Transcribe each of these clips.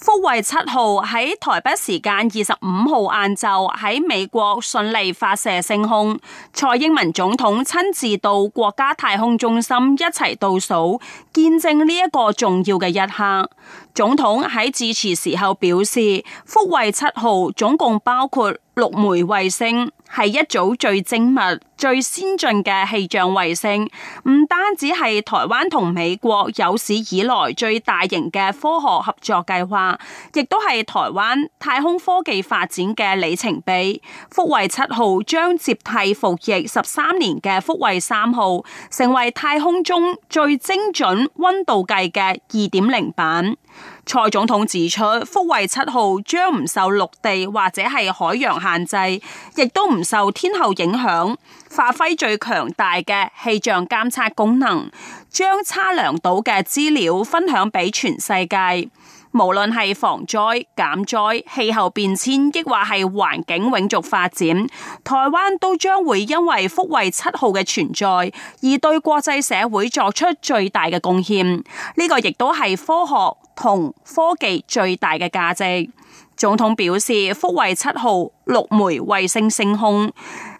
福衛七號喺台北時間二十五號晏晝喺美國順利發射升空，蔡英文總統親自到國家太空中心一齊倒數，見證呢一個重要嘅一刻。總統喺致辭時候表示，福衛七號總共包括六枚衛星，係一組最精密、最先進嘅氣象衛星，唔單止係台灣同美國有史以來最大型嘅科學合作計劃。亦都係台灣太空科技發展嘅里程碑。福衛七號將接替服役十三年嘅福衛三號，成為太空中最精準溫度計嘅二點零版。蔡總統指出，福衛七號將唔受陸地或者係海洋限制，亦都唔受天候影響，發揮最強大嘅氣象監測功能，將測量到嘅資料分享俾全世界。無論係防災、減災、氣候變遷、亦或係環境永續發展，台灣都將會因為福衛七號嘅存在，而對國際社會作出最大嘅貢獻。呢、這個亦都係科學同科技最大嘅價值。總統表示，福衛七號六枚衛星升空，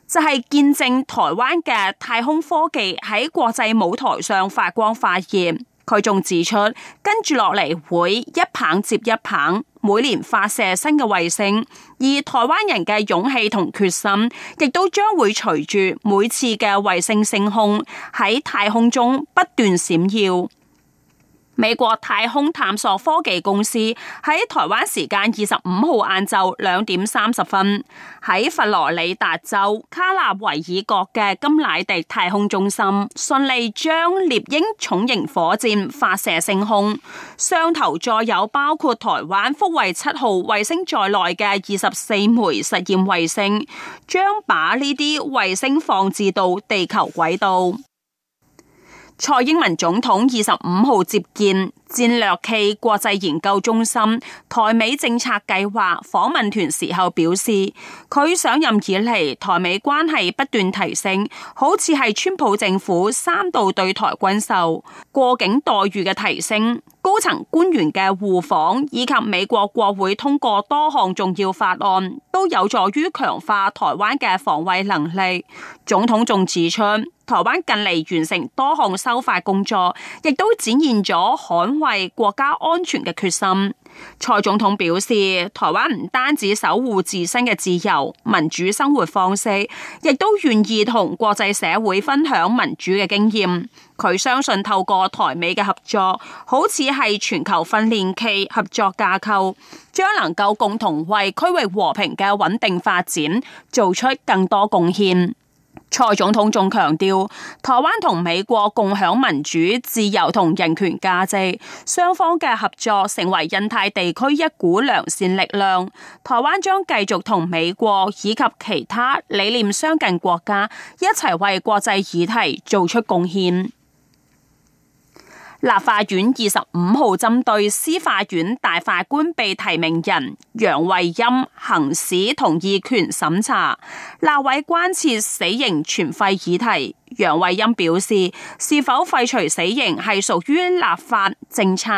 就係、是、見證台灣嘅太空科技喺國際舞台上發光發熱。佢仲指出，跟住落嚟會一棒接一棒，每年發射新嘅衛星，而台灣人嘅勇氣同決心，亦都將會隨住每次嘅衛星升空，喺太空中不斷閃耀。美國太空探索科技公司喺台灣時間二十五號晏晝兩點三十分，喺佛羅里達州卡納維爾角嘅金乃迪太空中心，順利將獵鷹重型火箭發射升空，雙頭載有包括台灣福衛七號衛星在內嘅二十四枚實驗衛星，將把呢啲衛星放置到地球軌道。蔡英文總統二十五號接見戰略暨國際研究中心台美政策計劃訪問團時候，表示，佢上任以嚟台美關係不斷提升，好似係川普政府三度對台軍售、過境待遇嘅提升、高層官員嘅互訪，以及美國國會通過多項重要法案，都有助於強化台灣嘅防衛能力。總統仲指出，台灣近嚟完成多項修法工作，亦都展現咗捍衛國家安全嘅決心。蔡總統表示，台灣唔單止守護自身嘅自由民主生活方式，亦都願意同國際社會分享民主嘅經驗。佢相信透過台美嘅合作，好似係全球訓練期合作架構，將能夠共同為區域和平嘅穩定發展做出更多貢獻。蔡總統仲強調，台灣同美國共享民主、自由同人權價值，雙方嘅合作成為印太地區一股良善力量。台灣將繼續同美國以及其他理念相近國家一齊為國際議題做出貢獻。立法院二十五號針對司法院大法官被提名人楊惠欽行使同意權審查，立委關切死刑存廢議題。楊惠欽表示，是否廢除死刑係屬於立法政策，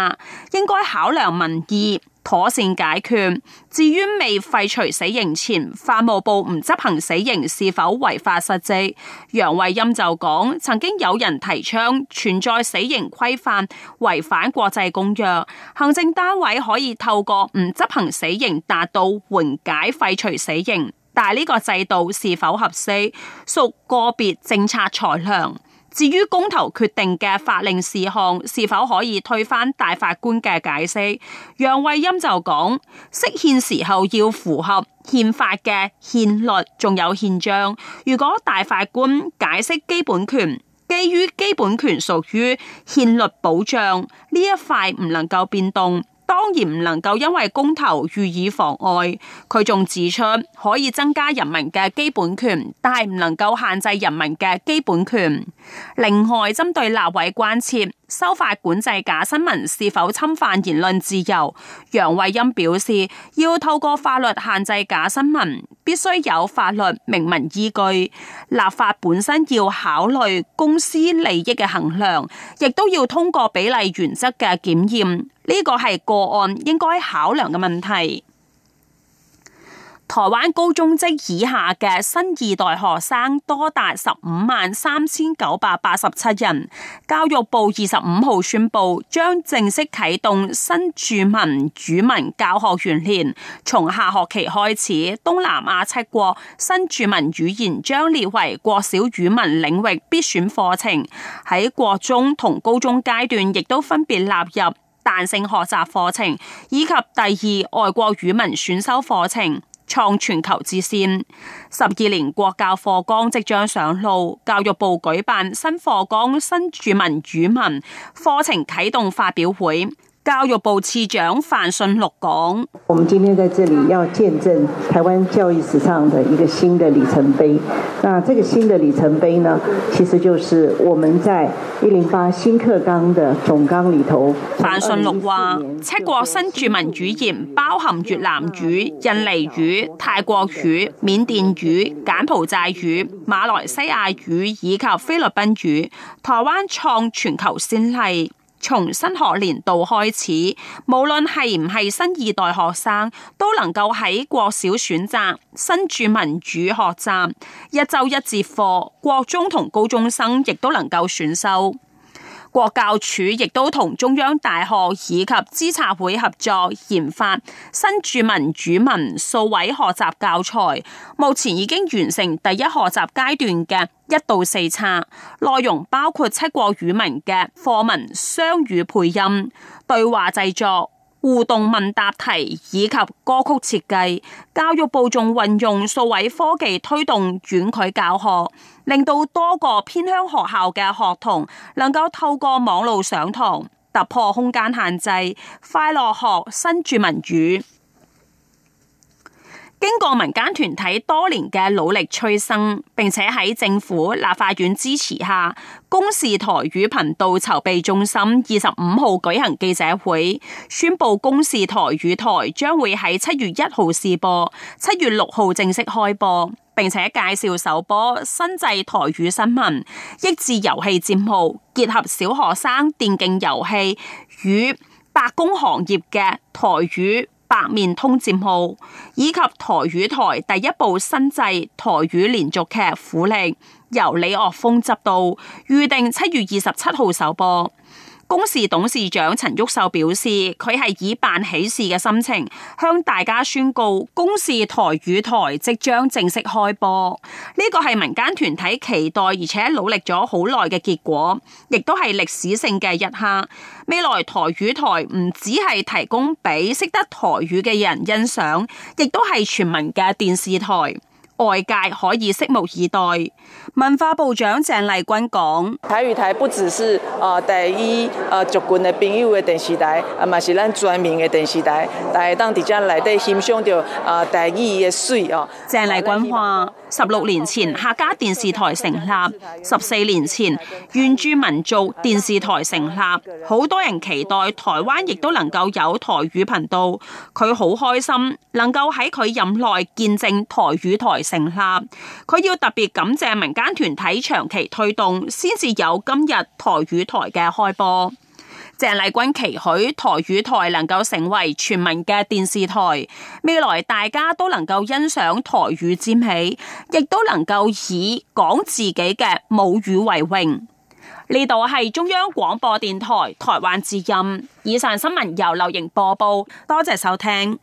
應該考量民意。妥善解決。至於未廢除死刑前，法務部唔執行死刑是否違法失職？楊惠欽就講：曾經有人提倡存在死刑規範違反國際公約，行政單位可以透過唔執行死刑達到緩解廢除死刑，但係呢個制度是否合適，屬個別政策裁量。至於公投決定嘅法令事項是否可以推翻大法官嘅解釋，楊惠欽就講：釋憲時候要符合憲法嘅憲律，仲有憲章。如果大法官解釋基本權，基於基本權屬於憲律保障，呢一塊唔能夠變動。當然唔能夠因為公投予以妨礙，佢仲指出可以增加人民嘅基本權，但係唔能夠限制人民嘅基本權。另外，針對立委關切。修法管制假新聞是否侵犯言論自由？楊惠欽表示，要透過法律限制假新聞，必須有法律明文依據。立法本身要考慮公私利益嘅衡量，亦都要通過比例原則嘅檢驗。呢個係個案應該考量嘅問題。台灣高中職以下嘅新二代學生多達十五萬三千九百八十七人。教育部二十五號宣布，將正式啟動新住民語文教學元年，從下學期開始，東南亞七國新住民語言將列為國小語文領域必選課程，喺國中同高中階段亦都分別納入彈性學習課程以及第二外國語文選修課程。創全球之先，十二年國教課綱即將上路，教育部舉辦新課綱新住民語文課程啟動發表會。教育部次長范信禄講：我們今天在這裏要見證台灣教育史上的一個新的里程碑。那這個新的里程碑呢，其實就是我們在一零八新課綱的總綱裏頭。范信禄話：七國新住民語言包含越南語、印尼語、泰國語、緬甸語、柬埔寨語、馬來西亞語以及菲律賓語，台灣創全球先例。從新學年度開始，無論係唔係新二代學生，都能夠喺國小選擇新住民語學習，一週一節課，國中同高中生亦都能夠選修。國教處亦都同中央大學以及資策會合作研發新住民語文數位學習教材，目前已經完成第一學習階段嘅一到四冊，內容包括七國語文嘅課文、雙語配音、對話製作。互動問答題以及歌曲設計，教育部仲運用數位科技推動遠距教學，令到多個偏鄉學校嘅學童能夠透過網路上堂，突破空間限制，快樂學新住民語。經過民間團體多年嘅努力催生，並且喺政府立法院支持下，公視台語頻道籌備中心二十五號舉行記者會，宣布公視台語台將會喺七月一號試播，七月六號正式開播，並且介紹首播新製台語新聞、益智遊戲節目，結合小學生電競遊戲與百工行業嘅台語。白面通戰號，以及台語台第一部新製台語連續劇《苦力》，由李岳峰執導，預定七月二十七號首播。公視董事長陳郁秀表示，佢係以辦喜事嘅心情向大家宣告，公視台語台即將正式開播。呢個係民間團體期待而且努力咗好耐嘅結果，亦都係歷史性嘅一刻。未來台語台唔只係提供俾識得台語嘅人欣賞，亦都係全民嘅電視台。外界可以拭目以待。文化部長鄭麗君講：台語台不只是誒第一誒族群嘅朋友嘅電視台，啊，咪是咱全面嘅電視台。但係當大家嚟到欣賞到誒第二嘅水哦。鄭麗君話：十六年前客家電視台成立，十四年前原住民族電視台成立，好多人期待台灣亦都能夠有台語頻道。佢好開心能夠喺佢任內見證台語台。成立，佢要特別感謝民間團體長期推動，先至有今日台語台嘅開播。鄭麗君期許台語台能夠成為全民嘅電視台，未來大家都能夠欣賞台語之美，亦都能夠以講自己嘅母語為榮。呢度係中央廣播電台台灣之音，以上新聞由劉瑩播報，多謝收聽。